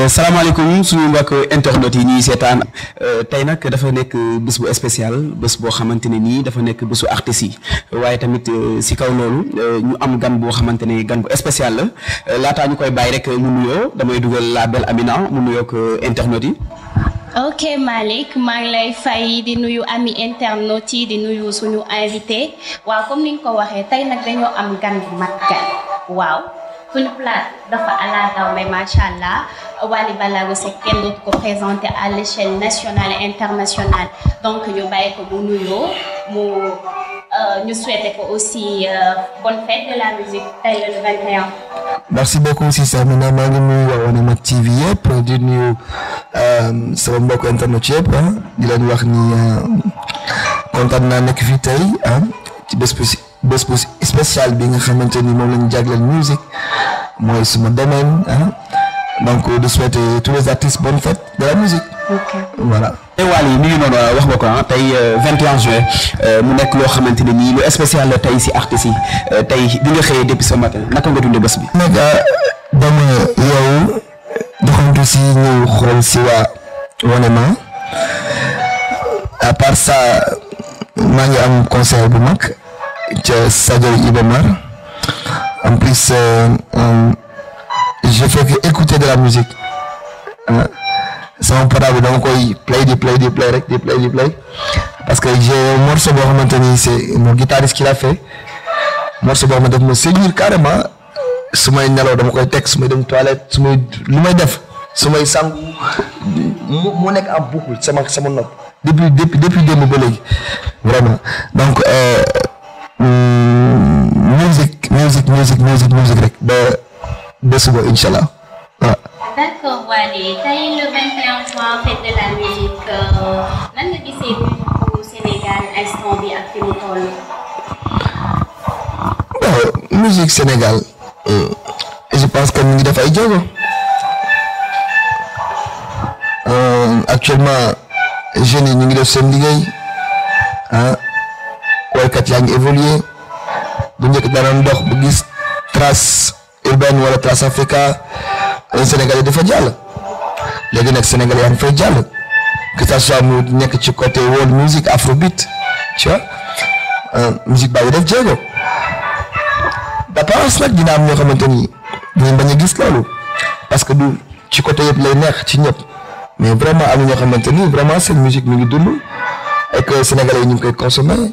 Euh, salaamaaleykum suñu mbokk internet yi ñuy seetaan euh, tey nag dafa nekk bés bu spécial bés boo xamante ne nii dafa nekk bésu artistes yi waaye tamit euh, si kaw loolu ñu am gan boo xamante ne gan bu spécial la laataa ñu koy bàyyi rek mu nuyoo damay dugal la belle Amina mu nuyoo ak internet yi. ok Malick maa ngi lay fay di nuyu ami internet yi di nuyu suñu invité waaw comme ni ñu ko waxee tey nag dañoo am gan bu mat gan waaw. suñu place dafa ala daw mais macha allah Wally Ballago Seck kenn ko présenter à l'échelle nationale et internationale donc yo bàyyi ko mu nuyoo mu euh, ñu souhaité ko aussi euh, bonne fête de la musique tey le 21. merci beaucoup si Samina maa ngi nuyu TV, Wanema du yëpp euh, nuyu sama mbokk internet yëpp ah. di leen wax ni euh, kontaan naa nekk fii tey ah ci bés bu si. bés bu spécial bi nga xamante ni moom lañu jagleel musique mooy suma domaine ah donc de souhaiter tous les artistes bonne fête de la musique. voilà. tey Wally mi ngi noonu ah, wax nga ko ah tey euh, juin euh, mu nekk loo xamante ne nii lu spécial la tey si artistes yi euh, tey bi nga xëyee depuis ce naka nga dundee bés bi. nag ah, dama yow doxantu si ñëw xool si waa Wanema à part ça maa ngi am concert bu mag. ça Sadio en plus euh, euh, je fais écouter de la musique parce que j'ai un morceau maintenant c'est mon guitariste qui l'a fait morceau séduire carrément texte. dans toilette depuis depuis depuis vraiment donc. Euh, musique musique musique musique musique rek ba ba suba ah. euh, Sénégal instant bi ak fi mu toll. bon euh, je pense que mu ngi def ay jéego euh, actuellement jeunes yi ñu ngi def seen liggéey ah. waykat yaa ngi évoluer bu da na ndox bu gis trace urbaine wala trace africa Sénégal dafa jàll léegi nag Sénégal yaa ngi fay jàll que ça soit mu nekk ci côté world music afrobeat eh, tu vois musique baa ngi def jéego d'apparence nag dina am ñoo xamanteni ñu dinañ gis lolu parce que du ci côté yëpp lay neex ci ñëp mais vraiment am na ñoo xamante vraiment seen musique mi ngi dund et que sénégalais ñu koy consommer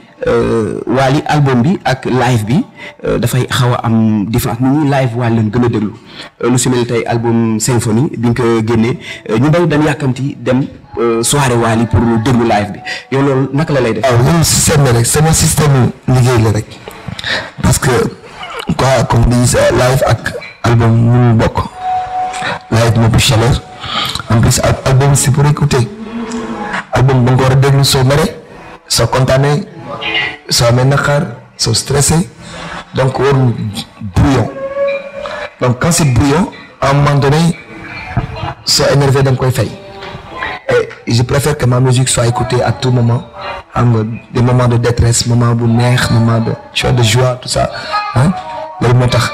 Euh, Wally album bi ak live bi euh, dafay xaw am différence nit ñi live Wally lañ gën a déglu euh, lu si mel tey album symphonie bi nga ko génnee ñu bari dañ yàkkamti dem soirée Wally pour déglu live bi yow loolu naka la lay def. waaw ah, loolu système la rek parce que quoi comme ni ak album mënul bokk pour écouter album ba nga ko war a déglu soo mere soo kontaanee. soo amee naqar so stressé donc on brouillon donc quand c'est brouillon à un moment donné soo énervé dans quoi koy fay et je préfère que ma musique soit écoutée à tout moment de des moments de détresse moments bu neex moments de tu vois de joie tout ça hein loolu moo tax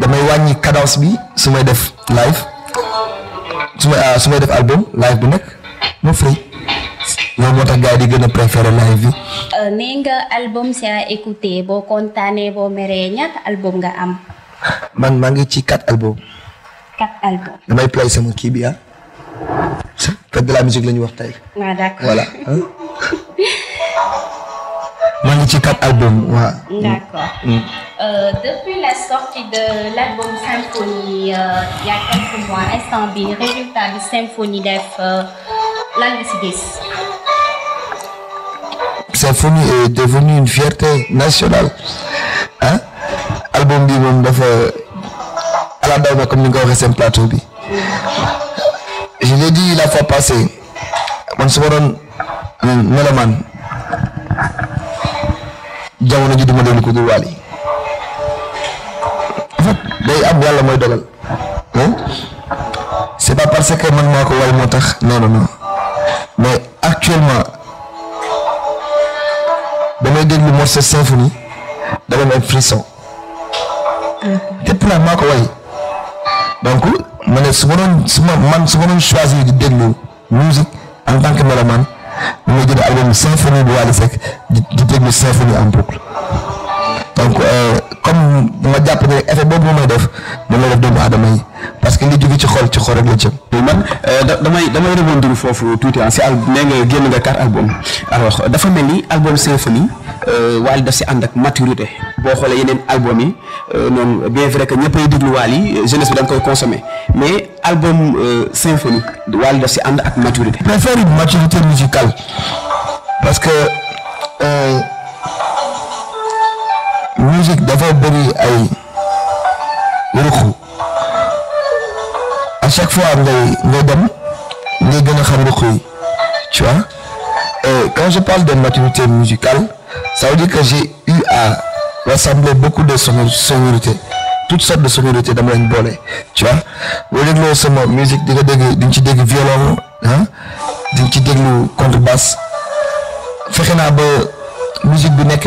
damay wàññi cadence bi su de def live su may ah, su def album live bu nekk moo free loolu mota tax gars di gën a préféré live bi. euh nee nga album saa écouter bo contané bo méré ñaata album nga am. man ma ngi ci quatre album. quatre album. damay play sama ki bi ah. fête de la musique lañu wax tay waaw d'accord voilà. ma ngi ci quatre album wa d'accord. Euh, depuis la sortie de l'album Symphonie euh, il y a quelques mois est-ce instant bi résultat de Symphonie def lan nga si Saffouni est devenu une fierté nationale Hein? album bi moom dafa ala daw comme ni nga waxe waxee plateau bi je l'ai dit la fois passée man su ma doon euh, melomaan jamono ji duma déglu ko du wali. en fait day am yàlla mooy dogal hein? c'est pas parce que man maa ko way non non non mais actuellement déglu morceau symphonie le même frisson. Mm-hmm. depuis la marque donc souvent souvent la musique en tant que mélomane symphonie de Walisek de symphonie en boucle. donc euh, comme ma jàpp ne effet boobu moom may def moom la def doomu parce que li jóge ci xol ci xol rek la jëm. man euh, damay damay rebondir foofu tuuti ah si al nee nga génn nga album dafa mel ni album symphonie euh, Wally daf si ànd ak maturité boo xoolee yeneen album yi noonu bien vrai que ñëppay déglu Wally jeunesse bi da nga koy consommer mais album symphonie Wally daf si ànd ak maturité. préfère une maturité musicale parce que. musique d'avoir béni ay ruq à chaque fois ngay ngay dem ngay gën xam tu vois et quand je parle de maturité musicale ça veut dire que j'ai eu à rassembler beaucoup de sonorités toutes sortes de sonorités dans mon bolé, tu vois Vous dégloo sama musique di dégg di violon hein, di nga ci ah, contrebasse fexe ba musique bi nekk.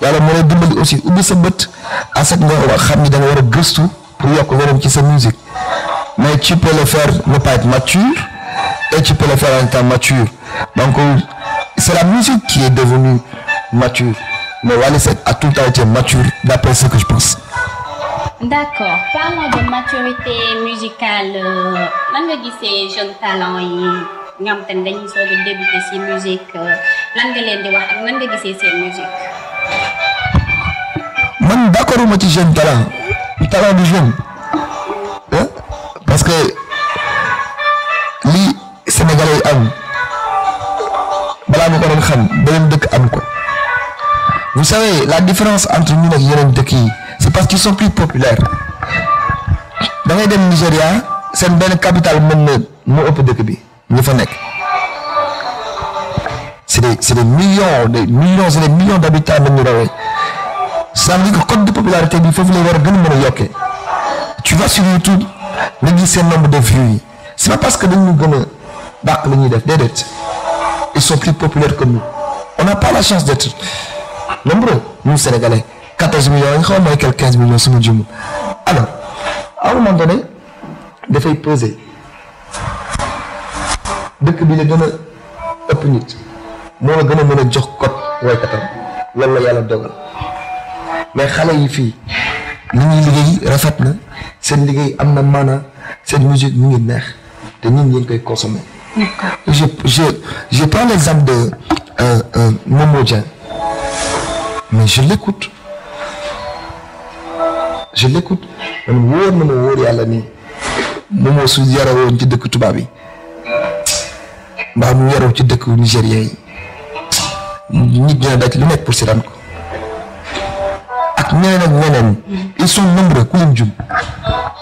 yalla mo lay dimbali aussi ubbi sa beut à ce que nga xam ni da nga wara a pour yok la ci sa musique mais tu peux le faire ne pas être mature et tu peux le faire en étant mature donc c'est la musique qui est devenue mature mais Wally a tout le temps été mature d'après ce que je pense. d'accord parlons de maturité musicale lan nga ces jeunes talents yi nga xam te ne débuter ci musique lan nga leen di wax ak nga musique. man d'accord ma ci jeune talent talent du parce que li Sénégalais am balaa ma ko doon xam beneen dëkk am ko vous savez la différence entre ñun ak yeneen dëkk yi c'est parce qu'ils sont plus populaires da ngay dem Nigéria seen benn capital mën na moo ëpp dëkk bi ñu fa nekk. c'est des, millions, des millions et des millions d'habitants Ça veut dire que code de popularité, il faut vous les voir Tu vas sur YouTube, le nombre de vues. C'est pas parce que nous sommes Ils sont plus populaires que nous. On n'a pas la chance d'être nombreux, nous Sénégalais. 14 millions, il y a quelques 15 millions, c'est mon Alors, à un moment donné, il faut y poser. bi la gën a ëpp moo la gën a mën a jox kot waykatam loolu la yàlla dogal mais xale yi fii li ñuy liggéey rafet na seen liggéey am na maana seen musique mu ngi neex te ñun ñu ngi koy consommer. je je je prends l'exemple de euh, euh, Momo Dieng mais je l'écoute je l'écoute man wóor na ma wóor yàlla nii Momo su yarawoon ci dëkk tubaab yi mbaa mu yaroo ci dëkk nigérien yi nous devons être pour ils sont nombreux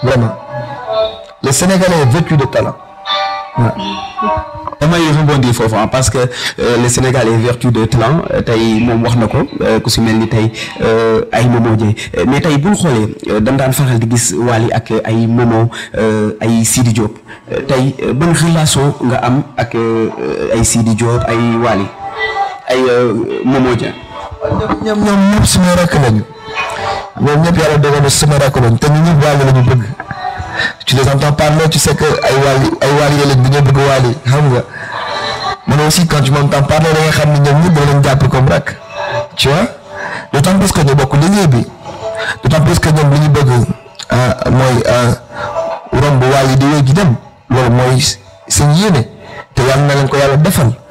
vraiment le Sénégalais est vertu de talent rebondir ah, parce que euh, le Sénégal est vertu de talent wax euh, ku euh, Momo mais dañ di ak ay Momo ay Sidi Diop ban relation nga am ak ay ay wali. ay euh, Momo Dia. ñoom ñoom ñëpp suma rakk lañu ñoom ñëpp yàlla dogal na suma rakk lañu te ñu ñëpp waali lañu bëgg ci les entends parler tu ci que ay waali ay waali yëleñ dañoo bëgg waali xam nga man aussi quand tu xam ne ñoom ñëpp da leen jàpp comme rakk tu vois d'autant plus que ñu bokk liggéey bi d'autant plus que ñoom li ñu bëgg ah, mooy ah, romb yi di wéy gi dem loolu mooy seen yéene te yàlla na leen ko yàlla defal.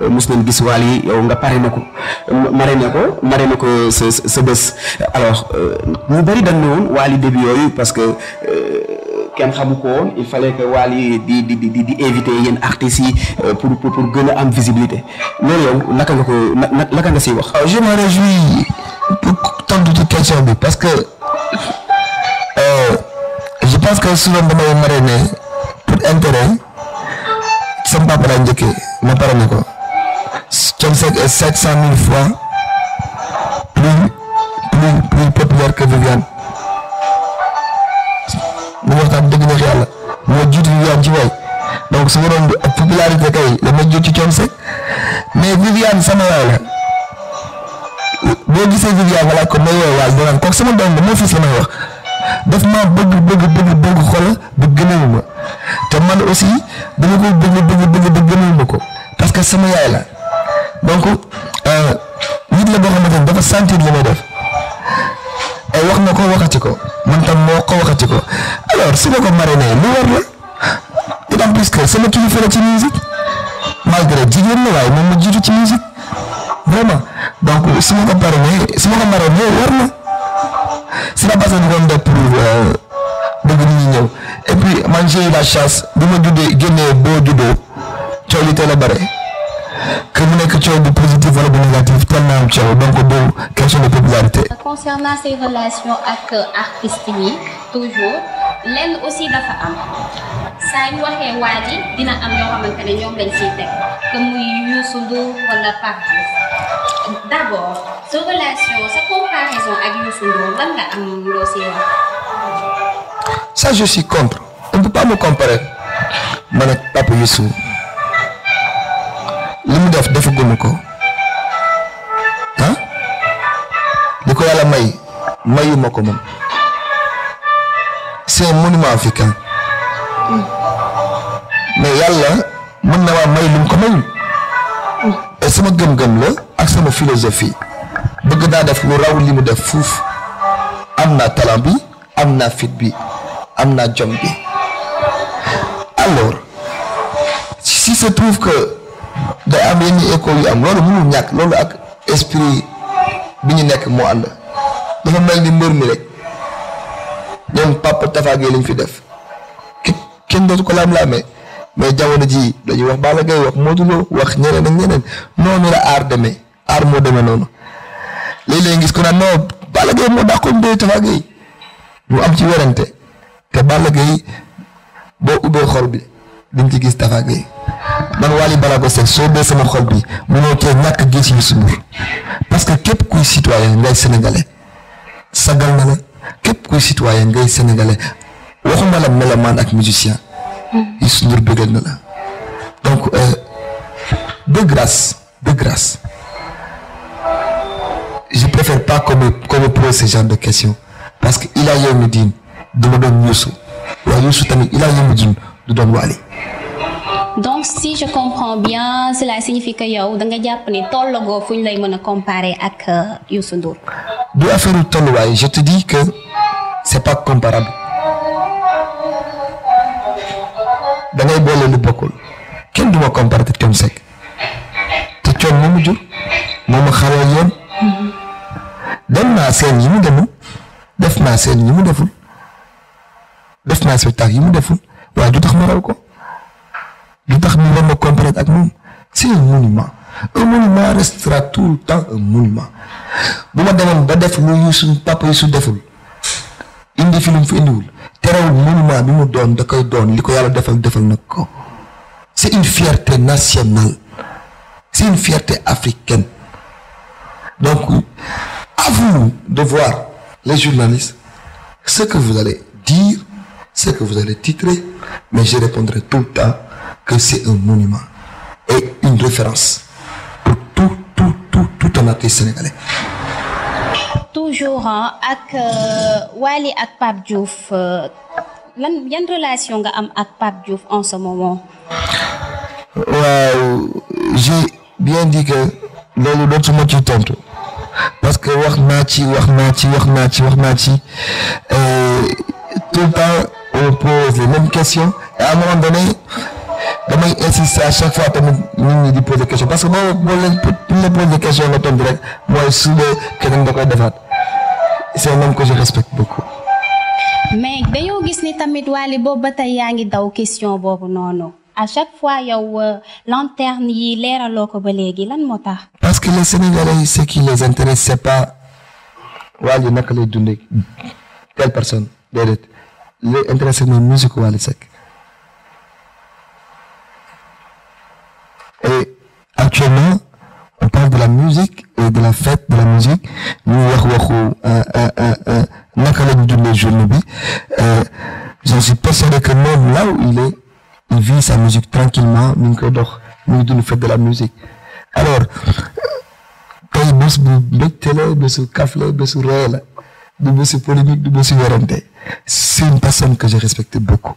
Euh, mos nañ gis waal yi yow nga pare na ko mare na ko mare na ko sa sa alors euh, ñu bëri dañ ne woon waal yi début yooyu parce que euh, kenn xamu ko woon il fallait que waal di di di di yenn artistes pour pour gën a am visibilité loolu yow naka nga ko naka nga siy wax. waaw je me réjouis pour tontu ci question bi parce que je pense que souvent damay marrainer pour intérêt sama papa laa njëkkee ma pare ne ko. 7 700 000 francs plus plus plus populaire que Viviane mu waxtaan dëgg neex yàlla moo jiitu Viviane ci way donc su waroon ak popularité kay dama jot ci Thione Seck mais Viviane sama yaay la boo gisee Viviane wala ko ma yeewee waaye danaan kooku sama doom ba moo fis la may wax daf maa bëgg bëgg bëgg bëgg xol bu gënewu ma te man aussi dama ko bëgg bëgg bëgg ba gënewu ma ko parce que sama yaay la. donc euh, nit la boo xamante ne dafa sentir li may def ay wax na ko waxati ko man tam moo ko waxati ko alors su ma ko mariné lu war la d'autant plus que sama kilifa la ci musique malgré jigéen ma jiitu ci musique donc su ma ko su ma la base dañu doon def pour. bëgg nit ñëw et puis man j'ai la chance bi ma juddee génnee boo juddoo coow li bare que mu nekk coow bu positif wala bu négatif tellement am coow donc du question de popularité. concernant ses relations avec l'artiste euh, yi toujours lenn aussi dafa am saa yu waxee waa ji dina am yoo xamante ne ñoom lañ ciy teg que muy Youssou Ndour wala Pape Diouf d' abord sa relation sa comparaison ak Youssou Ndour lan nga am loo siy ça je suis contre on ne peut pas me comparer je ne suis pas pour Youssou africain. def y ko ah may c'est un monument africain mais yalla mën na wa may lu ko may et sama gëm-gëm la ak sama philosophie bëgg def lu raw def fouf amna talent bi amna fit bi alors si se trouve que day am yenn école yu am loolu mënul ñàkk loolu ak esprit bi ñu nekk moo ànd dafa mel ni mbër mi rek ñoom Papa Tafa Gueye lañ fi def kenn dootu ko laam laamee mais jamono ji dañu wax Balla Gaye wax Modou Lo wax ñeneen ak ñeneen noonu la aar demee aar moo demee noonu léeg-léeg gis ko naan non Balla Gaye moo mu am ci werante te Balla Gaye boo ubbee xol bi dañ ci gis Tafa Gueye man wali balago Seck soo bee sama xol bi mënoo cee ñak gi ci Youssou parce que képp kuy citoyen ngay sénégalais sagal na la képp kuy citoyen ngay sénégalais waxuma la mélomane ak musicien yi Ndour bëggal na la donc euh, de grâce de grâce je préfère pas qu'on me qu'on me pose ce genre de questions parce que me Yawmi de me donner doon Youssou waaye il a yé me Dine du doon Wally donc si je comprends bien cela signifie que yow da nga japp ni tollagoo fu ñu lay mëna comparer ak euh, Youssou Ndour. du affaire tolluwaay je te dis que c'est pas comparable da ngay bolé lu bokkul kenn du comparer te Thione Seck te Thione mu jur moomu xalé yoon. dem na seen yi mu demul def naa seen yi mu deful def na spectacle yi mu deful waaye du tax ma raw ko lu tax ñu war a comprendre ak c'est un monument un monument restera tout le temps un monument bu ma demoon ba def lu yu suñ papa yi su deful indi fi lu mu fi indiwul terewul monument bi mu doon da koy doon li ko yàlla defal defal na ko c'est une fierté nationale c'est une fierté africaine donc à vous de voir les journalistes ce que vous allez dire ce que vous allez titrer mais je répondrai tout le temps que c'est un monument et une référence pour tout, tout, tout, tout un athée sénégalais. Toujours avec Wali et Pape Diouf euh, lan une relation avec am ak Diouf en ce moment. j'ai bien dit que loolu dootuma ci tontu parce que wax na ci wax na ci wax ci tout le temps on pose les mêmes questions et à un moment donné damay insister à chaque fois tamit nous lui di poser questions, parce que boo boo leen pour la poser question nga tontu rek mooy le dee de da koy defaat c'est un homme que je respecte beaucoup. mais dañoo gis ni tamit Wally boobu ba tey yaa ngi daw question boobu noonu à chaque fois yow euh, lanterne yi leeraloo ko ba léegi lan moo parce que les Sénégalais ce qui les intéresse c'est pas Wally naka lay dundee telle personne déedéet li intéressé mooy musique Wally Seck Et actuellement, on parle de la musique et de la fête de la musique ñu wax waxu euh, euh, euh, naka journée bi j'en suis persuadé que même là où il est il vit sa musique tranquillement mu ngi nous dox mu ngi fête de la musique alors tey bés bu mbégte la de kaf café, de ree la de bésu polémique de bésu c'est une personne que j'ai respectée beaucoup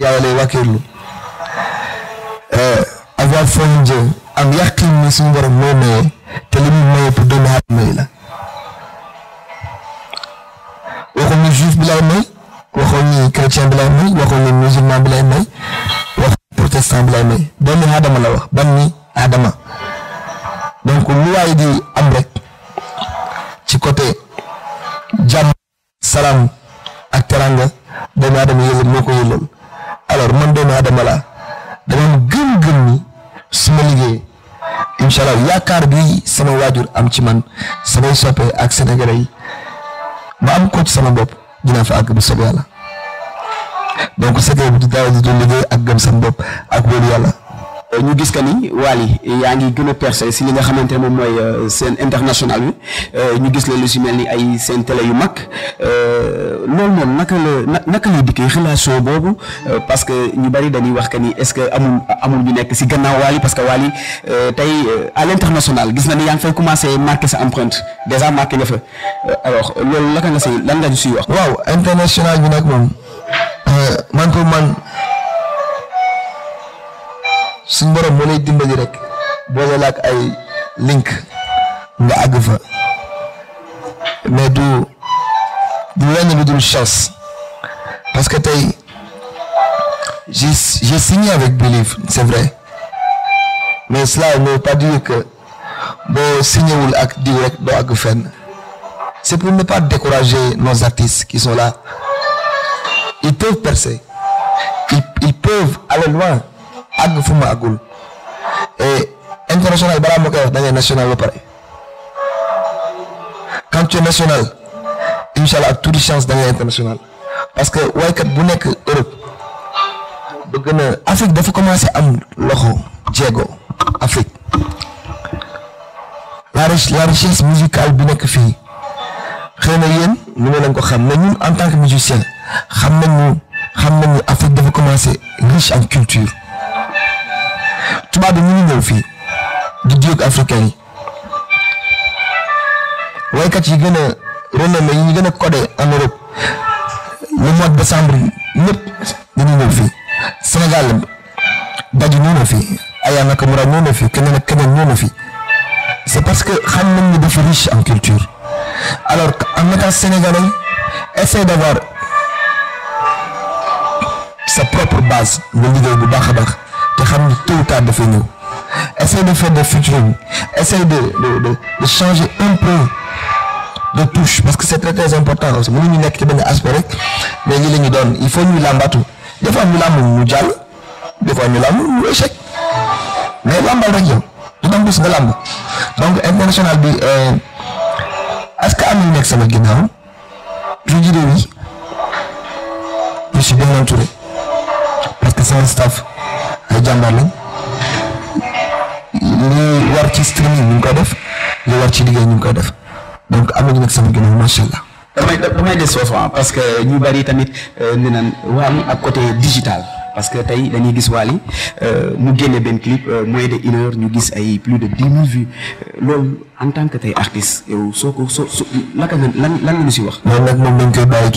yàlla lay wàkkeerlu eh, avoir foi en am yàqin ni suñu borom moo maye te li pour doomu aadama yi la waxoon ni juif bi lay may waxoon chrétien bi lay may waxoon musulman bi lay may waxoon protestant bi lay may doomu aadama la wax ban ni aadama donc lu waay di am ci côté jàmm salaam ak teranga doomu aadama yële moo ko yëloon alors man doomu aadama laa dama am gëm-gëm ni su ma liggéey incha allah yaakaar bi sama waajur am ci man samay soppe ak sénégalais yi ma am ko sama bopp dinaa fa àgg bu soobee yàlla donc secret bi du daaw di du liggéey ak gëm sama bopp ak wóolu yàlla. ñu gis que ni Wally yaa ngi gën a percé si li nga xamante ne moom mooy euh, seen international bi euh, ñu gis la lu si mel ni ay seen télé yu mag euh, loolu noonu naka la naka la dikkee relation boobu parce que ñu bari dañuy wax que ni est-ce que amul amul ñu nekk si gannaaw Wally parce que Wally tey à l'international gis na ni yaa ngi fay commencé marqué sa empreinte déjà marqué nga fa alors loolu naka nga si lan nga ñu siy wax. waaw international bi nag moom. mais parce que j'ai signé avec c'est vrai mais cela ne veut pas dire que ak c'est pour ne pas décourager nos artistes qui sont là ils peuvent percer ils peuvent aller loin ag fuma agul et international balaa ma da national ba paré quand tu es national incha allah ak chance chances international parce que kat bu nek Europe bëgg na Afrique dafa commencé am loxo Diego Afrique la richesse musicale bi nek fi xéna na ñu leen ko xam mais ñun en tant que musicien xam nañu xam nañu Afrique dafa commencé riche en culture tubaab bi ñu ngi ñëw du dieu africain yi waykat yi gën a renommé yi ñu gën a codé en Europe le mois de décembre ñëpp dañuy ñëw fii Sénégal daju ñëw na fii Aya Nakamura ñëw na fii keneen ak keneen ñëw na fii c'est parce que xam nañ ne dafa en culture alors en état sénégalais essaie d'avoir sa propre base le leader bu baax tes xam tout tôt ou tard dafay essaye de faire des featuring essaye de de de changer un peu de touche parce que c'est très très important aussi mon unique qui benn aspect aspirants. mais il la donne. il faut nous làmbatu des fois nous làmb nous jàll des fois nous làmb nous échec mais nous rek yow du nous bés nga donc international bi euh, est-ce que y a un nekk sama ginnaaw je de oui je suis bien entouré parce que c'est un staff. ay jàmbaar lañ li war ci streaming ñu ngi koy def li war ci liggéey ñu ngi koy def donc am nañu nag sama ginnaaw macha allah. damay damay parce que ñu bari tamit euh, nee naan ak côté digital. parce que tey dañuy gis Wally euh, mu génne benn clip euh, moins de une ñu gis ay plus de dix mille vues loolu en tant que tey artiste yow soo ko soo soo naka nga lan lan la ñu si wax. loolu nag moom dañ koy bàyyi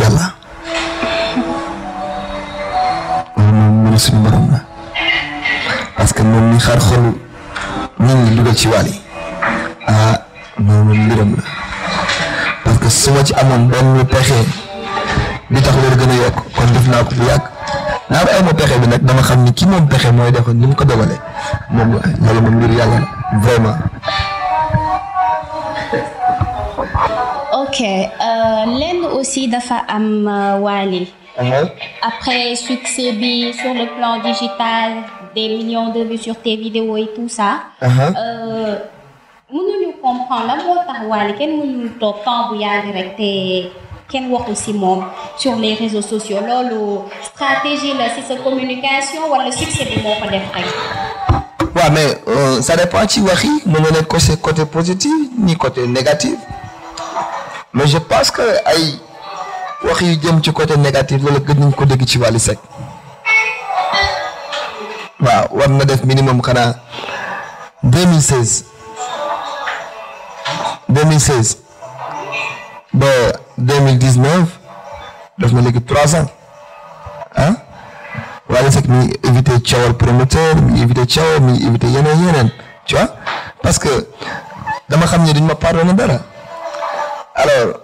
ak suñu la. parce que moom ñu xar xolu nit ñi ci waal yi ah moom mbiram la parce que su ma ci amoon benn pexe bi tax loolu gën a yokk kon def naa ko bu yàgg naa ba pexe bi nag xam ni ki moom pexe mooy defoon ni ko dogalee moom loolu yàlla la vraiment. ok euh, lenn aussi dafa am euh, waali Uh-huh. Après, succès sur le plan digital, des millions de vues sur tes vidéos et tout ça. nous nous comprenons pas tax Wally de mënuñu temps bu yàgg rek te kenn waxu aussi sur les réseaux sociaux le stratégie la c'est sa communication le succès du moo def mais euh, ça dépend ci vois yi mën pas côté côté positif ni côté négatif mais je pense que wax yu jëm ci côté négatif loolu gën nañ ko dégg ci Wally Seck waaw war na def minimum xanaa 2016 2016 ba 2019 def na léegi trois ans ah Wally Seck mi éviter coowal promoteur mi éviter coow mi éviter yeneen yeneen tu vois parce que dama xam ñi duñ ma pardonné dara alors.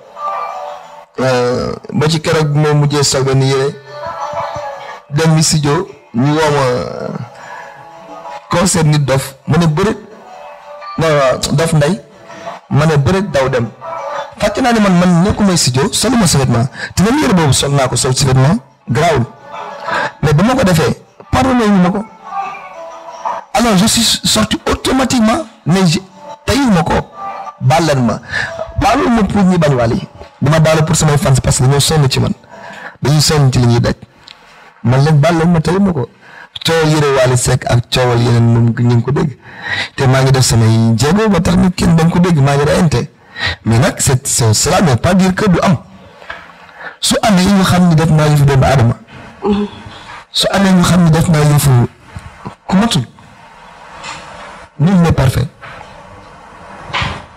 Euh, ba ci keroog moo mujjee sol benn yére dem bi studio ni woo ma euh, concert nit dof ma ne bërit dof ndey ma ne bërit daw dem fàtte naa ne man man nekkuma studio soluma si ma te même yére boobu sol naa ko sol si vêtement garaawul mais ba ma ko defee pardonné ñu ma ko alors ma ko bàllan ma ma pour ñi bañ wàll yi dama baalu pour samay fans parce que dañoo sonn ci man dañuy sonn ci li ñuy daj man nag baal ma tey ma ko coowal yëre Wally Seck ak coowal yeneen moom ñu ngi ko dégg te maa ngi def samay jéego ba tax na kenn dañ ko dégg maa ngi reyante mais nag c'est cela ne pas dire que du am su amee ñu xam ni def naa yëfu doomu aadama su amee ñu xam ni def naa yëfu ku matul nul n'est parfait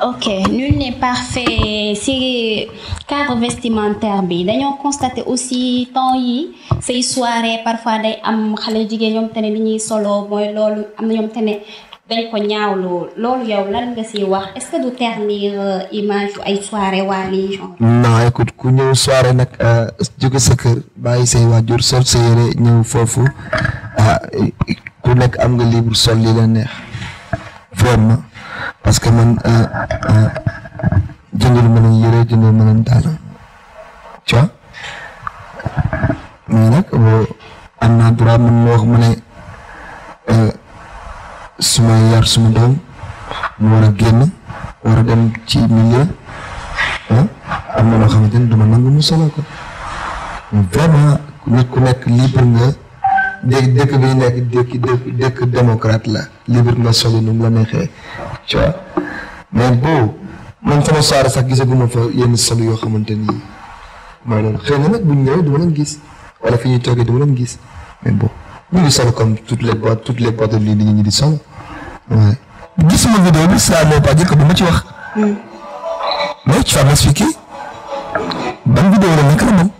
ok nul n'est parfait si cadre vestimentaire bi dañoo constaté aussi tant yi ces soirées parfois day am xale jigéen ñoom te ne li solo mooy loolu am na ñoom te ne dañ ko ñaawlu y yow lan nga siy wax est-ce que du ternir euh, image yu une soirée waa genre. non écoute ku ñëw soirée nag euh, jóge sa kër bàyyi say waajur sol sa yére nous foofu ah, ku nekk am nga libre sol la neex vraiment. parce que man euh, euh, jëndal ma leen yére jëndal ma leen dàll tu am naa droit man ma wax euh, suma yar suma doom mu war a génn war a dem ci milieu am na loo xamante ni ko ku nekk libre nga dëkk dëkk bi la libre nga solo nu la neexee tu vois mais boo man sama soirée sax gisaguma fa yenn sol yoo xamante ni mooy loolu xëy na bu ñu ñëwee du ma leen gis wala fi ñuy toogee di ma leen gis mais bon ñu ngi sol comme toutes les boîtes toutes les bi ça ne pas dire que du ma ci wax. Hmm. mais tu vas m'expliquer ban vidéo la nekk na moom.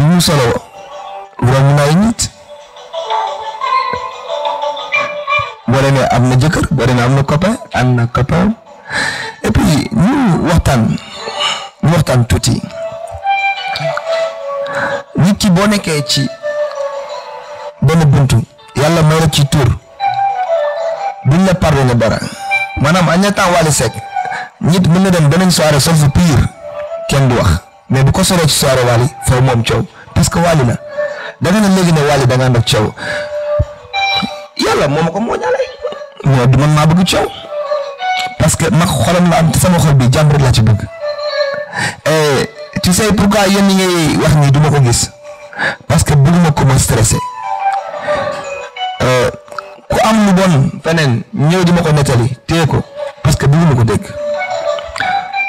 E ñu solo wuram na init wala ne am na jëkër wala ne am na copain am na copain et puis ñu waxtan waxtan tuti nit ki bo nekké ci ben buntu yalla mayra ci tour buñ la parlé né dara manam agnata walé sék nit mëna dem benen soirée sauf pire kenn mais bu ko soree ci soirée Wally foofu moom coow parce que Wally la da nga ne léegi ne Wally da nga ànd ak coow yàlla moom ko moo moo du que ma xolam sama xol bi jàmbur laa ci bëgg eh, yéen ñi duma ko gis parce que bëgguma ko ma stressé eh, ku am lu bon feneen ñëw di ma ko nettali téye ko parce que bëgguma ko dégg.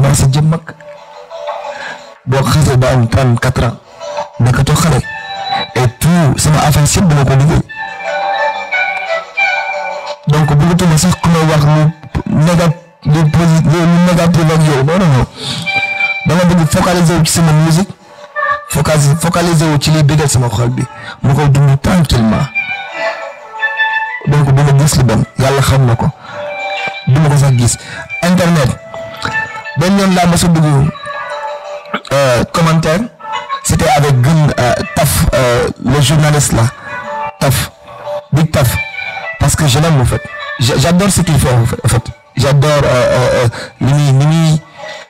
commencé jëm mag boo xasee ba am trente quatre ans nekkatoo xale et tout sama affaire si dama ko liggéey donc bëggatuma sax ku may wax lu négat lu posi lu négatif ak yow non non non dama bëgg focaliser wu ci sama musique focaliser ci liy bégal sama xol bi mu koy dund tranquillement donc du ma gis lu bon yàlla xam na ko du ma ko sax gis internet. Ben yoon la monsieur a euh, commentaire c'était avec Gun euh, Taf euh, le journaliste là Taf Big Taf parce que je l'aime en fait j'adore ce qu'il fait en fait j'adore euh, ni ni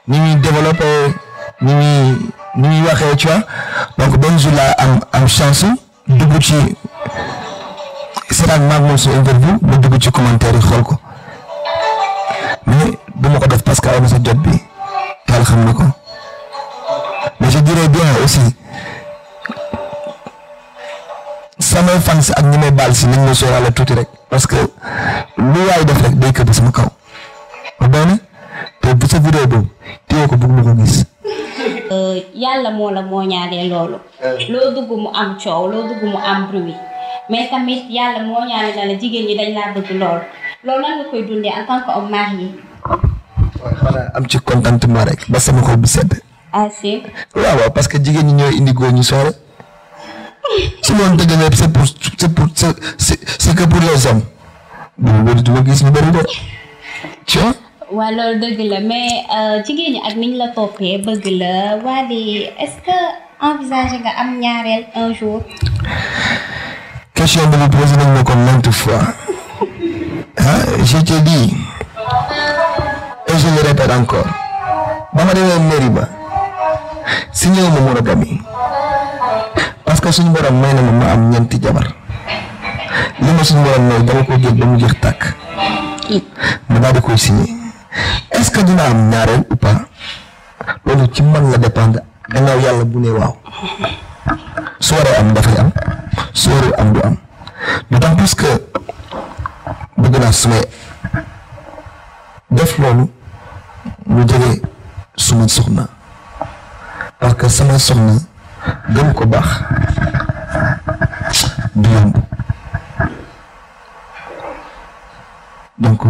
ni ni développer ni ni tu vois donc ben jour la am am chance dugg ci cest la dire interview commentaire yi mais du ma ko def parce que aw sa jot bi yàlla xam na mais je dirais bien aussi samay fan ak ñi may baal si nañ ma rek parce que lu waay def rek day këpp sama kaw ma doone te bu sa vidéo boobu téye ko bëgg ma ko gis. Euh, yàlla moo la moo ñaaree loolu. loo dugg mu am coow loo dugg mu am bruit mais tamit yàlla moo ñaaree na la jigéen ñi dañ laa bëgg loolu nan nga koy dundee en tant que homme marié. waaw xanaa am ci contentement rek ba sama xol bi sedd. ah si. waaw waaw parce que jigéen ñi ñoo indi góor ñu soore. su ma dëgg la c'est pour c'est pour c'est que pour les hommes. du ma du ma gis ñu bëri de. tu di est-ce que envisager nga un jour. question bi ñu posé nañ ma ko fois. ah je te dis et je encore ba ma demee mairie ba si ñëw ma monogamie parce que suñu borom may na ma ma am ñeenti jabar li ma suñu borom may dama ko jël ba mu jeex tàkk ma daal di koy signé est ce que dina am ñaareel ou pas loolu ci man la dépendre gannaaw yàlla bu ne waaw su waree am dafay am su waree am du am d'autant plus que. bëgg naa su ma def loolu mu jege suma soxna parce que sama soxna gëm ko baax du yomb donc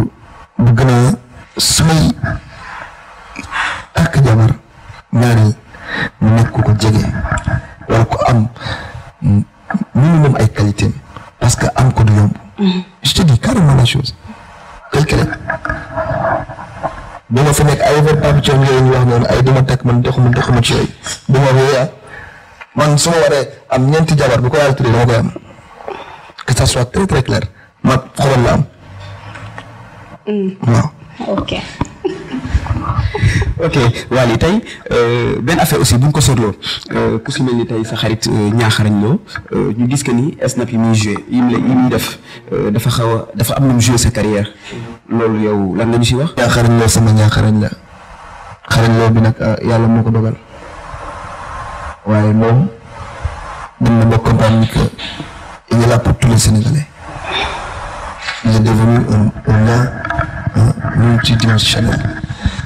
bëgg naa su may takk jabar ñaari mu nekk ko jege wala am minimum ay qualité parce que am ko du yomb. Mm-hmm. je fi nekk ay verres Pape Thion yooyu ñu wax noonu ay duma takk man doxuma doxuma ci yooyu duma wéyaat ah, man su waree am ñeenti jabar bu ko yàlla tuddee koy am que ça soit très très clair ma xobal la am. Mm. ok. ok Waly tey euh, benn affaire aussi bu ñu ko sotloo euh, ku si mel ni tey sa xarit ñaaxarañ euh, loo ñu gis que ni snap yi muy joué yi mu def dafa xaw a dafa am na mu joué sa carrière loolu yow lan la ñu si wax. ñaaxarañ sama ñaaxarañ la xarañ loo bi nag ah, yàlla moo ko dogal waaye moom dem na ba comprendre que il est là pour tous les Sénégalais il est devenu un un un multidimensionnel.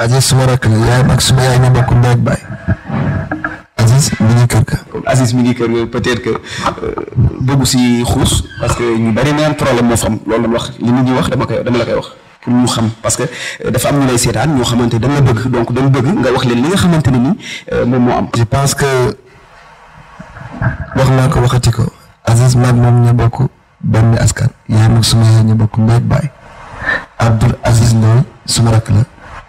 Aziz suma rakk la yaayam ak suma yaay ñu bokk ndey ak baay Aziz mi ngi kër ga. comme Aziz ngi kër ga peut-être que euh, bëggu si xuus parce que ñu bari naan problème moo fa loolu la wax li mu ñi wax dama koy dama la koy wax. pour parce que euh, dafa am ñu lay seetaan ñoo xamante da nga bëgg donc da nga bëgg nga wax leen li nga xamante ne ni euh, moom moo am. je pense que wax naa ko waxati ko Aziz maag moom ñu bokk benn askan. yaayam ak suma yaay ñu bokk ndey ak baay Abdoul Aziz Ndoye suma rakk la.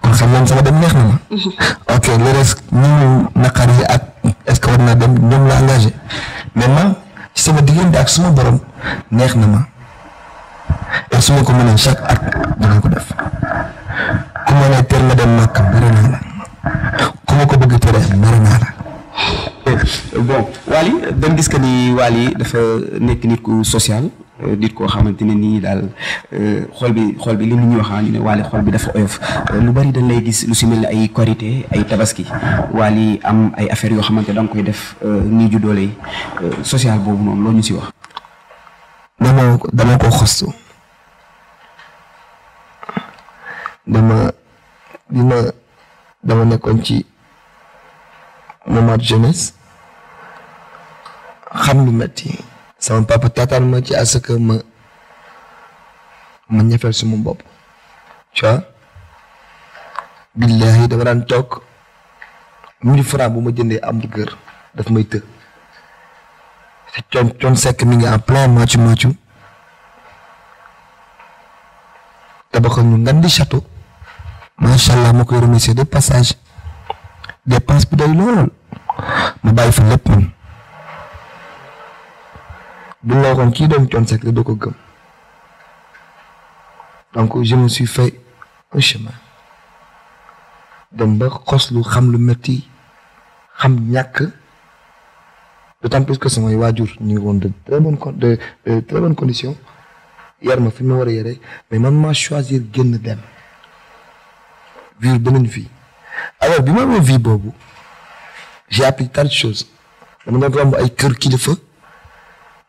kon xam naa sama dem neex na ma. ok le reste ñu naqar yi ak est ce que war naa dem ñoom la engagé mais man sama diggante ak suma borom neex na ma et su ma ko mënee chaque at dinañ ko def ku ma ne teel dem màkk mere naa la ku ma ko bëgg tere mere naa la. Eh, bon Wally dañ gis que ni Wally dafa nekk nit ku social. nit koo xamante ne nii daal xol bi xol bi li nit ñi waxaa ñu ne waale xol bi dafa oyof lu bari dañ lay gis lu si mel ne ay korité ay tabaski waali am ay affaire yoo xamante da nga koy def nii ju doole yi social boobu noonu loo ñu si wax. dama dama ko xostu dama bi ma dama nekkoon ci moment jeunesse xam lu metti sama papa papătata numai ce asă că mă... Mă nyefel să mă bop. Cea? Billahi dama daan toog mille franc bu ma jëndee hamburger daf may te ci ton ton sek mi nga en plein match match tabaxal ñu ngandi château masha allah koy remercier de passage dépense bi day lool ma bay fi lepp la donc je me suis fait un chemin dem ba Je xam lu metti xam ñàkk d'autant plus que samay waajur ñu ngi de très bonne de très bonne fi mais maintenant choisir génn dem vivre une vie alors bi ma vie j'ai appris tant de choses dama doon romb ay kër kilifa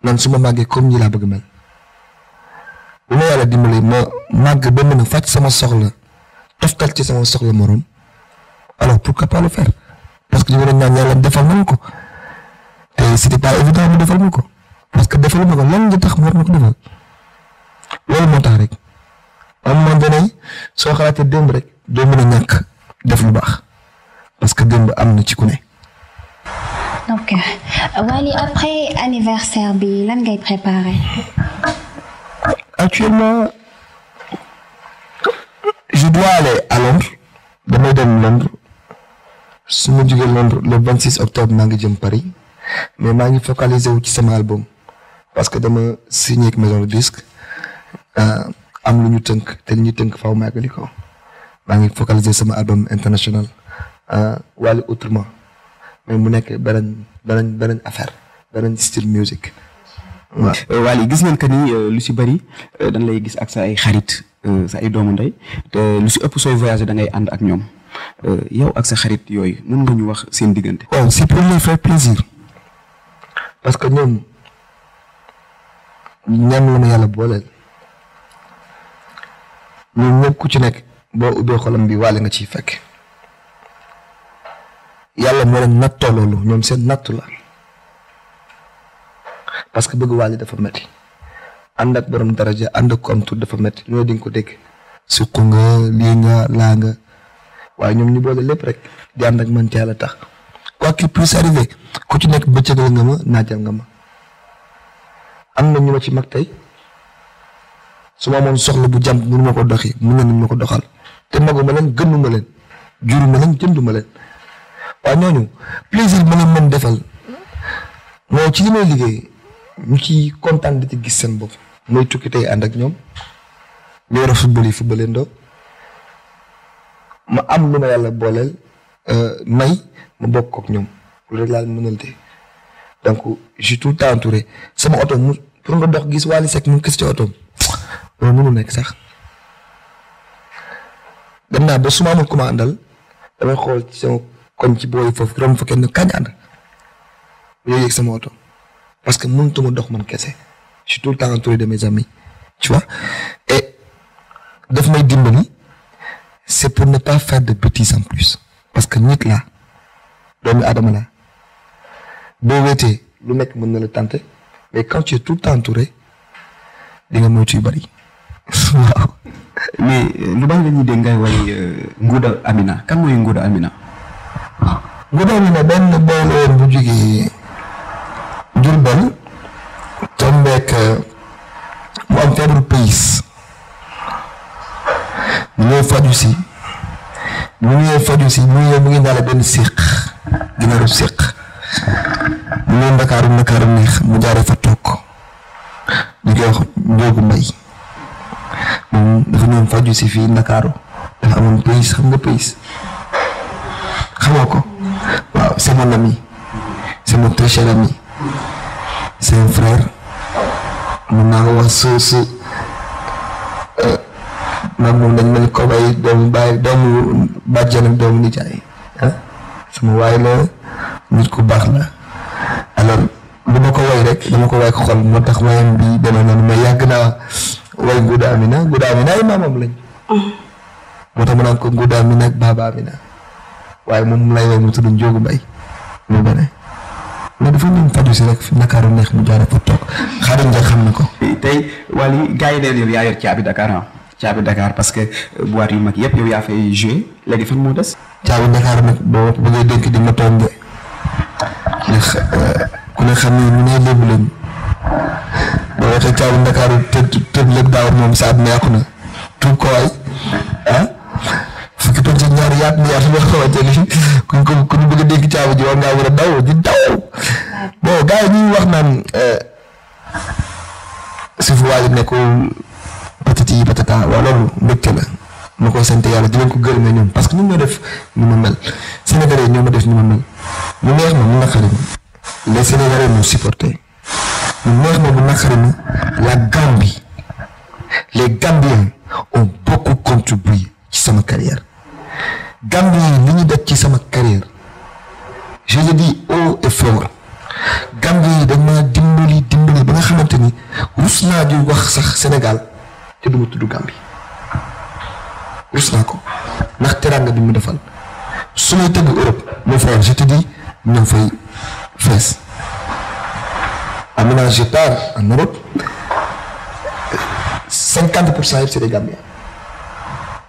man su ma màggee comme ñi laa bëgg mel bu ma yàlla dimbali ma màgg ba mën a faj sama soxla toftal ci sama soxla morom alors pourquoi pas le faire parce que li ma doon ñaan yàlla defal nañ ko te c'était pas évident mu defal ma ko parce que defal ma ko lan nga tax mu war ma ko defal loolu moo tax rek am ma donné soo xalaatee démb rek doo mën a ñàkk def lu baax parce que dëmb am na ci ku ne. donc euh, Wally après anniversaire bi lan ngay préparer. actuellement je dois aller à Londres demain demain Londres ce ma Londres le 26 octobre maa ngi jëm Paris mais maa ngi focaliser sur ci album parce que demain, signé avec maison de disque euh, am lu ñu tënk te li ñu tënk faaw maa ko maa ngi focaliser sama album international euh, Wally autrement. même bu nekk beneen beneen beneen affaire beneen style musique euh, waaw Waly gis ngeen que ni euh, lu si bëri euh, dañ lay gis ak sa ay xarit sa ay doomu ndey te lu si ëpp sooy voyager da ngay ànd ak ñoom yow ak sa xarit yooyu mën nga ñu wax seen diggante. waaw oh, c'est pour leur faire plaisir parce que ñoom ñoom la ma yàlla booleel ñoom ñëpp ku ci bi waale nga ciy fekk yalla mo len natto lolu ñom seen natto la parce que bëgg waali dafa metti and ak borom daraja and ak ko am tur dafa metti ñoo diñ ko dégg ko nga li nga la nga waaye ñom ñu boole lepp rek di and ak man ci yalla tax quoi qu'il puisse arriver ku ci nek bëccëgal nga ma naajal nga ma am na ñu ma ci mag tay su ma soxla bu jam mu ma ko doxi mu nañ ma ko doxal te maguma len gënuma leen juruma leen jënduma len waaw ñooñu plaisir bi ma leen defal mooy ci li may liggéey mu ci kontaan di ci gis seen bopp mooy tukki tey ànd ak ñoom ñu war a football yi ma am lu ma yàlla booleel euh, may ma bokk ak ñoom loolu rek laa mënal te donc je tout sama oto mu pour gis Wally Seck mu gis ci otoom loolu mënul nekk sax dem naa ba su ma amul ku àndal damay xool ci sama comme ci booy foofu rom fa kenn kañ ànd yooyu yëg sama oto parce que mënutuma dox man kese je suis tout le temps entouré de mes amis tu vois et daf may dimbali c'est pour ne pas faire de bêtises en plus parce que nit la doomu adama la boo wéetee lu nekk mën na la tenter mais quand tu es tout le temps entouré di nga moytu yu bari waaw mais euh, lu baax la ni dégg ngay way euh, Ngouda Amina kan mooy Ngouda Amina. bu doon ne benn booloor bu jógee Jurbel tombeek mu am feebaru pays ñoo faju mu faju si mu ñëwee mu ngi benn séq ginaaru séq mu ne ndakaaru ndakaaru neex mu jaaree fa toog ñu koy njoogu mbay moom dafa ñëw faju si fii ndakaaru dafa amoon pays xam nga pays xamoo ko c'est mon ami c'est mon très ami c'est un frère mun naa wax su su euh, maam moom lañ mel ko bay doomu baay doomu bàjjan ak doomu nijaay ah sama waay la ku baax la alors lu ma ko way rek dama ko way xol moo tax wayam bi demee noonu mais yàgg naa way Gouda Amina Gouda Amina ay maamam lañ mm-hmm. moo tax ma naan ko Gouda Amina ak Baba Amina waaye moom lay way mu tudd Njóogu Mbay lu bëri loolu dafa ñëw faju si rek Dakar neex mu jaaree fa toog xaaral nga xam na ko. tey wala gars yi dañu yow yaa yor caabi Dakar ah. caabi Dakar parce que euh, boîte yu mag yëpp yow yaa fay joué léegi fan moo des. caabi Dakar nag boo ba ngay dénk di ma tombé ndax euh, ku ne xam ne ñu ne lébu lañ boo waxee caabi Dakar tëdd tëdd lépp daaw moom sa àdduna yàqu na tuub ko waay ah? toog sa ñaari yaat ni yaat yoo xamante ni kuñ ko ku ñu bëgg a dégg caabu ji war ngaa war a daw di daw bon gars yi ñuy wax naan euh, su fi waaj nekkul patati yi patata waaw loolu mbégte la ma koy sant yàlla di leen ko gërëmee ñoom parce que ñun ñoo def ni ma mel Sénégalais ñoo ma def ni ma mel mu neex ma mu naqari ma les Sénégalais ñoo supporté mu neex ma mu naqari ma la Gambie les Gambiens ont beaucoup contribué ci sama carrière Gambie ni ñu def ci sama carrière je le dis haut et fort Gambie dañ ma dimbali dimbali ba nga xamanteni rus di wax sax Sénégal te duma tuddu Gambie rus ko ndax teranga bi mu defal su tegg Europe mo frère je te dis ñu fay fess aménagé tard en Europe 50% c'est des Gambiens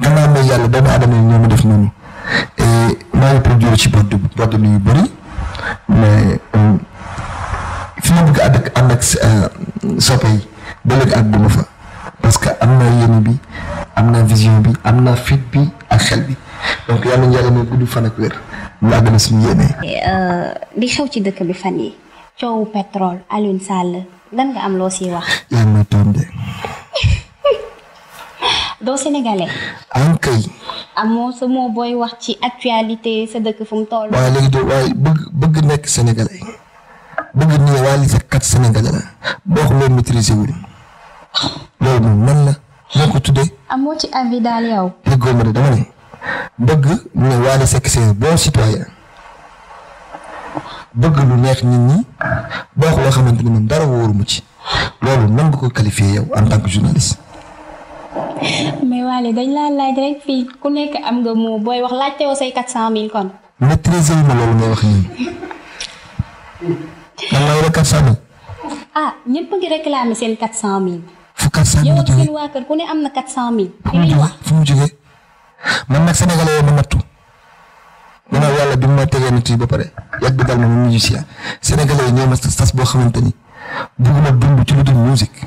gannaaw mooy yàlla doomu aadama yi maa ngi produire ci boîte de euh, a euh, que am naa am naa vision bi am naa fit bi ak xel bi donc yàlla na yàlla mooy gudd fan ak wér mu àgg na suñu euh, ci dëkk bi fan nga am loo siy wax. doo sénégalais. am ah, kay. amoo sa moo booy wax ci actualité sa dëkk fu toll. waaye léegi doo waaye bëgg nekk sénégalais bëgg nii waaye li sa kat sénégalais man la moo ko tuddee. amoo ci avis daal yow. déggoo ma de dama ne bëgg ne Wally Seck c'est un neex nit ñi boo ko loo xamante ni man dara wóoru ci loolu nan nga ko qualifié yow en tant que journaliste. mais Waly dañ laa laaj rek fii ku nekk am nga moo booy wax laajte woo say quatre cent mille kon. maîtriser ma loolu ngay wax nii. man ah, am na quatre cent mille. man nag sénégalais yow ma nattu. ma ne yàlla bi ma tegee nit yi ba pare yàgg bi dal ma mu musicien sénégalais yi ma sas boo xamante ni bëgg ci lu dul musique.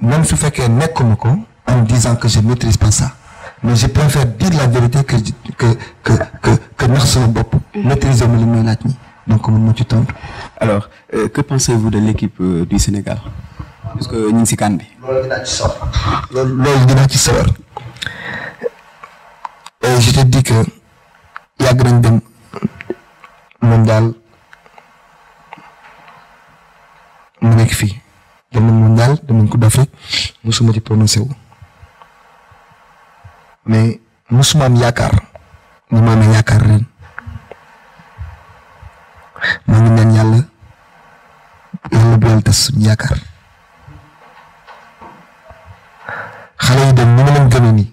même si fekkee comme ko en disant que je ne maîtrise pas ça mais je préfère dire la vérité que que que que que nax Bop maîtriser donc comment tu tombes alors euh, que pensez-vous de l'équipe euh, du Sénégal. parce que ñu Kandi. si qui bi. loolu dinaa ci qui je te dis que il y a grand daal mon demen mondial demen coupe d'afrique musuma ci prononcer wu mais musuma am yakar ni ma yakar ren maa ngi ñaan yalla yalla bu yàlla tas yakar xalé yi dem ni ma leen gëmee nii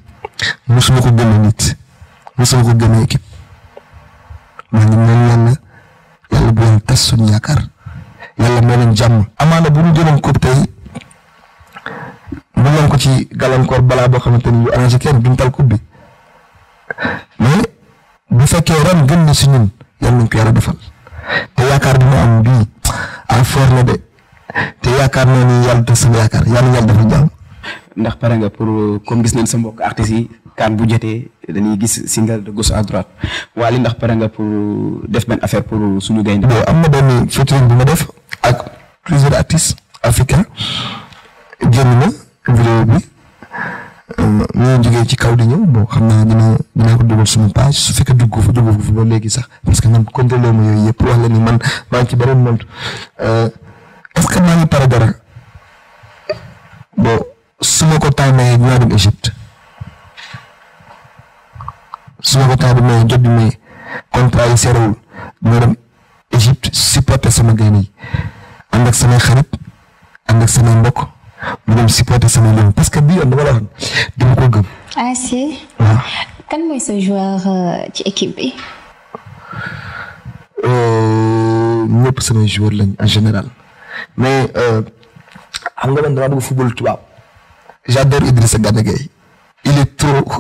musuma ko gëmee nit musuma ko gëmee équipe maa ngi ñaan yalla yàlla bu yàlla tas suñu yalla mo len jam amana buñu ñu jëloon coupe tey mën nañ ko ci gàllankoor balaa boo xamante ni yu arrangé kenn buñu tal coupe bi mais bu fekke ram gën na ci ñun yalla ñu ko yara defal te yaakaar dina am bi à ah, fort la de te yaakaar naa ni yalla def sama yaakaar yalla yalla defal jam ndax pare nga pour euh, comme gis nañ sa mbokk artiste yi kan bu jété dañuy gis single de gauche à droite wali ndax pare nga pour euh, def ben affaire pour euh, suñu gaynde. amna ben benn featuring bi def. ak plusieurs artistes africains génn na bi euh, ñoo jógee ci kaw di ñu bon xam naa dina dinaa ko dugal suñu page su fekkee dugg fa dugg fa ba léegi sax parce que man contrôlé ma yooyu yëpp wax la ni man maa ngi euh, est-ce que maa ngi pare dara bon su ko tàmmee dinaa dem Égypte su ko tàmmee jot bi may contrat yi seerewul dinaa dem Égypte sama gaynde عندك سماي خالد عندك سماي مبوك مدام سيبوتي سماي لون باسكو بي انا ولا دي مكو جم اه سي كان موي سو جوار تي اكيب بي نوب سماي جوار لان ان جينيرال مي عم نقول انا نلعب فوتبول تواب جادور ادريس غانغاي il est trop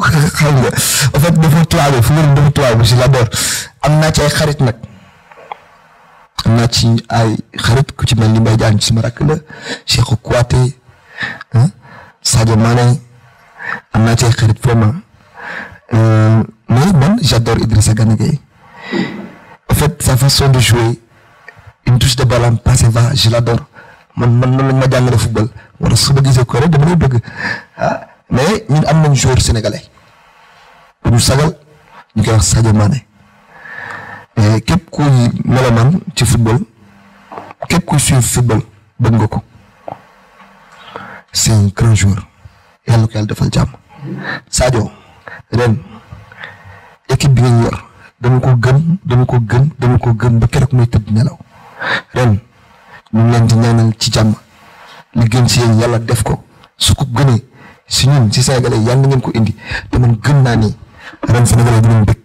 en fait devant toi le fleur devant toi je l'adore amna ci xarit nak am naa ay xarit ku ci mel ni Mbaye Diagne suma rakk la Cheikhou Kouyaté hein, Sadio Mané am naa ci ay euh, mais man j'adore Idrissa Gana en fait sa façon de jouer une touche de balle en passe va je l'adore man man noonu lañ ma jàngale football wala su ma ko rek dama lay bëgg ah, mais ñun am nañ joueur sénégalais bu sagal ñu ko wax Sadio Mané Eh, kep kuy melaman ci football kep kuy suivre football bëgg nga ko c'est un grand joueur yalla na ko yàlla defal jamm Sadio ren équipe bi ñu yor dama ko gën dama ko gën dama ko gën ba keroog muy tëdd nelaw ren ñu ngi leen di ñaanal ci jamm li gën ci yalla def ko su ko gëné si ñun ci Sénégalais yàlla na ngeen ko indi dama man gën naa ni ren Sénégalais dinañ bëgg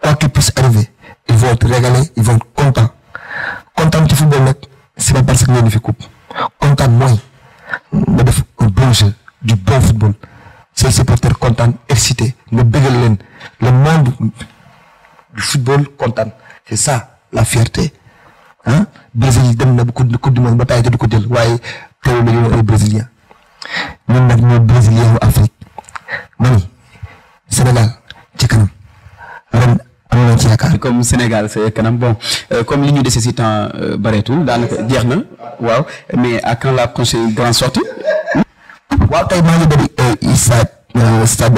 quoi qu'il puisse arriver ils vont être régalés, ils vont être contents. Content du football c'est pas parce que nous, on fi coupe content moi, de un bon jeu du bon football le supporter content, excité le monde du football content. c'est ça la fierté hein? Brésil a beaucoup de du monde ba a te du brésilien brésilien Afrique Sénégal ci comme comme Sénégal c'est kanam bon euh, comme li de ces si euh, barretou, dans le mais à quand la prochaine grande sortie. ngi euh, euh, stade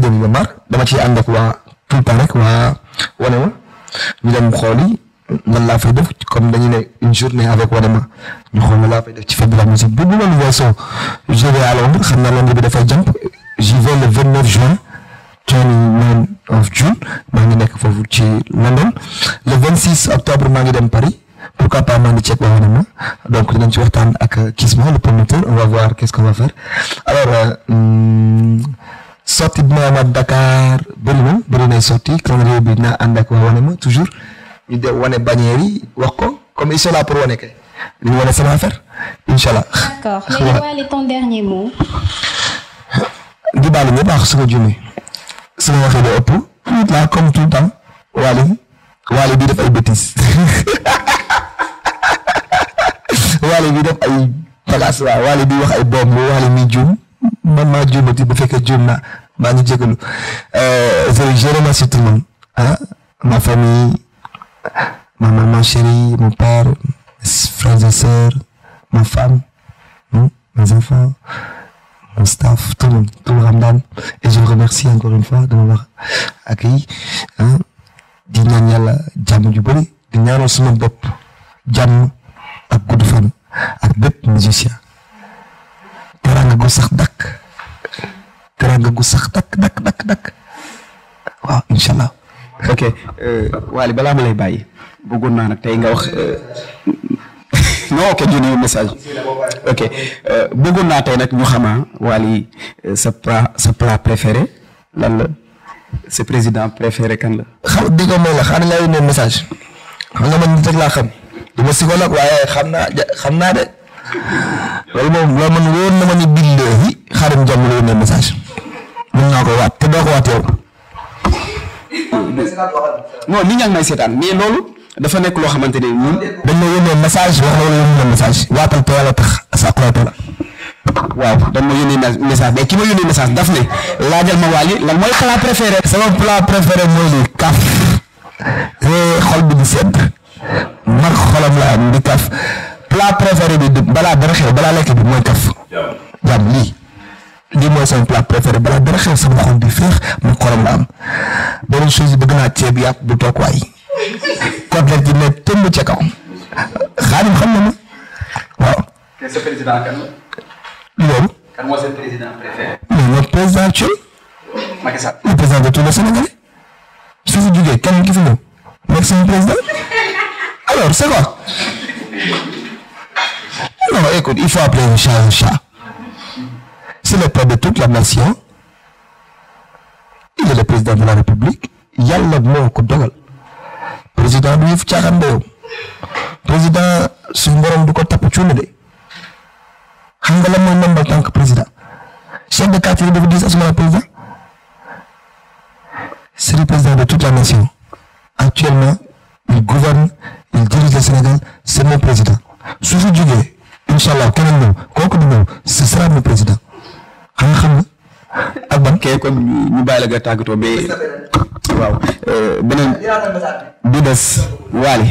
de dama ci tout comme une journée avec Wanema ñu de la musique je vais à Londres j'y vais le 29 juin. of June maa ngi nekk foofu ci London le 26 octobre maa ngi dem Paris pourquoi pas maa ngi ceeb ba ma donc dinañ ci waxtaan ak Kisma le promoteur on va voir qu'est-ce qu'on va faire alors euh, hmm, sorti bi ma amaat Dakar bëri na bëri nay sorti calendrier bi naa ak waa Wanema toujours ñu de wane bannière yi wax ko comme ils sont là pour wane kay li ñu wane sama affaire incha allah. d'accord léegi waa les ton baax su ko juumee. suma waxe do upp nit la comme tout temps waali waali bi def ay bêtises waali bi def ay bagaas waaw waali bi wax ay bomb waali mi djum man ma djumati bu fekke juum naa maa ngi jégalu euh, je remercie tout le monde ah ma famille ma maman chérie mon père frères et sœurs ma femme mes enfants mon euh, staff, tout, le, tout le Ramdan. Et je vous remercie encore une fois de m'avoir accueilli. Hein? di ñaan yàlla jàmm ju bëri di ñaanal sama à jàmm ak gudd musicien teranga Goussak Dak. teranga Goussak Dak, Dak, Dak, Dak. Wow, Inch'Allah. ok euh, Wali, balaa ma lay bàyyi bëggoon naa nag tey euh, non ok jone wu message euh, président préféré kan la man nit rek naa moom la man wóor na ma ni billaahi jàmm la yónnee message mën naa ko waat te doo ko waat yow li ñaa may seetaan mais loolu dafa nekk loo xamante ni ñun. dañ ma yónnee message wax la wala message waatal te yàlla tax sa la. waaw dañ ma yónnee message ki ma yónnee message daf ne laajal ma Wally lan mooy plat préféré. sama plat préféré mooy di kaf eh, xol bi di balaa dara xew balaa lekk bi mooy kaf. jàmm lii lii mooy sama plat préféré balaa dara xew sama xol bi féex mag xolam la am beneen chose bëgg naa ceeb yàpp bu toog waay. tablette yi nekk tombe ca kaw xaalim xam na président kan la. loolu. moi le le président préféré. mais le président tu es le président de tous les Sénégalais. Si vous jugee kenn qui fi ñëw. nekk seen président. alors c'est quoi. non écoute il faut appeler un chat un chat. c'est le père de toute la nation. il est le président de la République. il y a au moo de dogal. président du yëf caaxaan de yow président suñu borom du ko tapp cuune de xam nga lan mooy nombal tànk président chef de quartier dafa diis asuma président c'est le président de toute la nation actuellement il gouverne il dirige Sénégal c'est mon président su fi jógee incha allah keneen ñëw kooku du ñëw ce sera mon président xam nga ak ba kee kon ñu bàyyi la nga tàggatoo ba waaw euh, beneen bi des Wally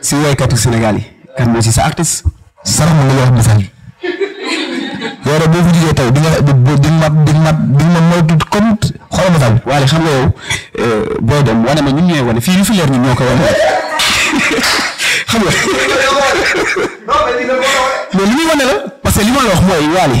si woykatu Sénégal yi kan moo si sa artiste sarax ma nga wax message bi xam nga yow euh, booy dem wane ma ñun ñooy wane fii lu fi leer ñun ñoo ko wane xam nga mais muy wane la parce que li ma wax mooy Wally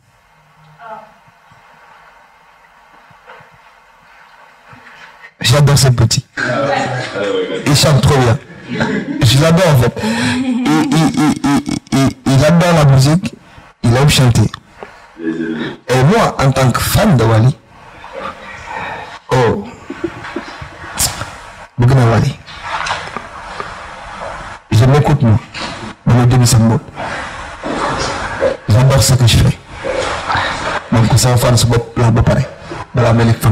J'adore ce petit. Il chante trop bien. Je l'adore en fait. Et, et, et, il adore la musique, il aime chanter. Et moi, en tant que fan de Wally, oh, Bouguina Wali, je m'écoute moi, Mélodie Bissambo. J'adore ce que je fais. Donc, c'est un fan, c'est bon, là, pareil. Voilà, mais les fans,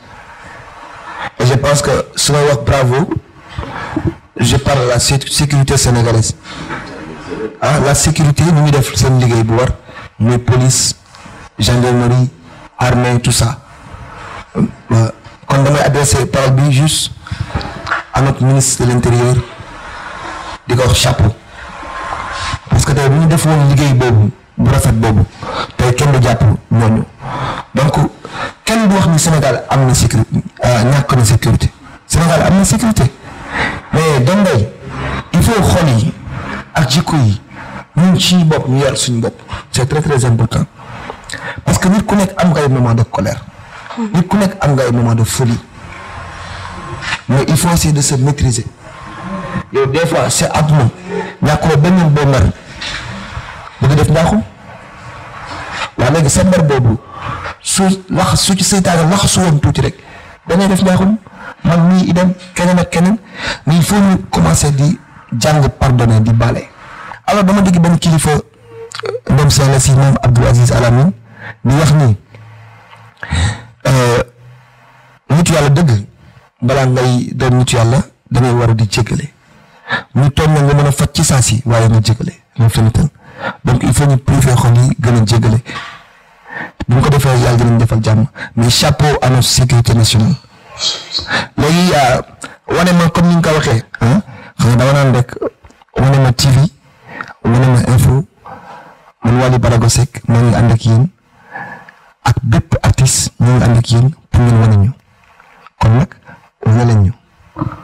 Et je pense que si may bravo je parle de la sécurité sénégalaise ah la sécurité nous ngi def une ligue de police gendarmerie armée tout ça euh, on damay adressé parole juste à notre ministre de l'intérieur di chapeau parce que nous bu une ligue de liggéey boobu bu rafet boobu de donc kenn du que le Sénégal am sécurité euh, ñàkk sécurité Sénégal am une sécurité mais Dame il faut que yi ak jikko yi ñun ci ñu yar c'est très très important parce que nous connaissons un moment de colère. nous connaissons un moment de folie mais il faut essayer de se maîtriser Et des fois c'est àdduna ñàkkuloo benn boo Vous bëgg def ñaaxum waa léegi sa Bobu. su wax su ci seytaane wax su woon tuuti rek danay def njaaxum man mii idem keneen ak keneen mais il faut ñu commencer di jàng pardonner di bale alors dama dégg benn kilifa euh, ndem si yàlla si moom Abdoul Aziz Al Amine di wax ni euh, nit yàlla dëgg balaa ngay doon nit yàlla dangay war a di jéggale ñu tooñ na nga mën a faj ci saa si waaye nga jéggale moom tamit donc il faut ñu privé xol yi gën a jéggale bu ko defee yàlla dinañ defal jàmm mais chapeau à notre sécurité nationale léegi euh, wane ma comme ni nga ko waxee ah xam nga dama naan rek wane ma TV wane ma info man Wally Barago Seck maa ngi ànd ak ak bépp artiste ñoo ngi ànd ak yéen pour ngeen wane ñu kon nag wane leen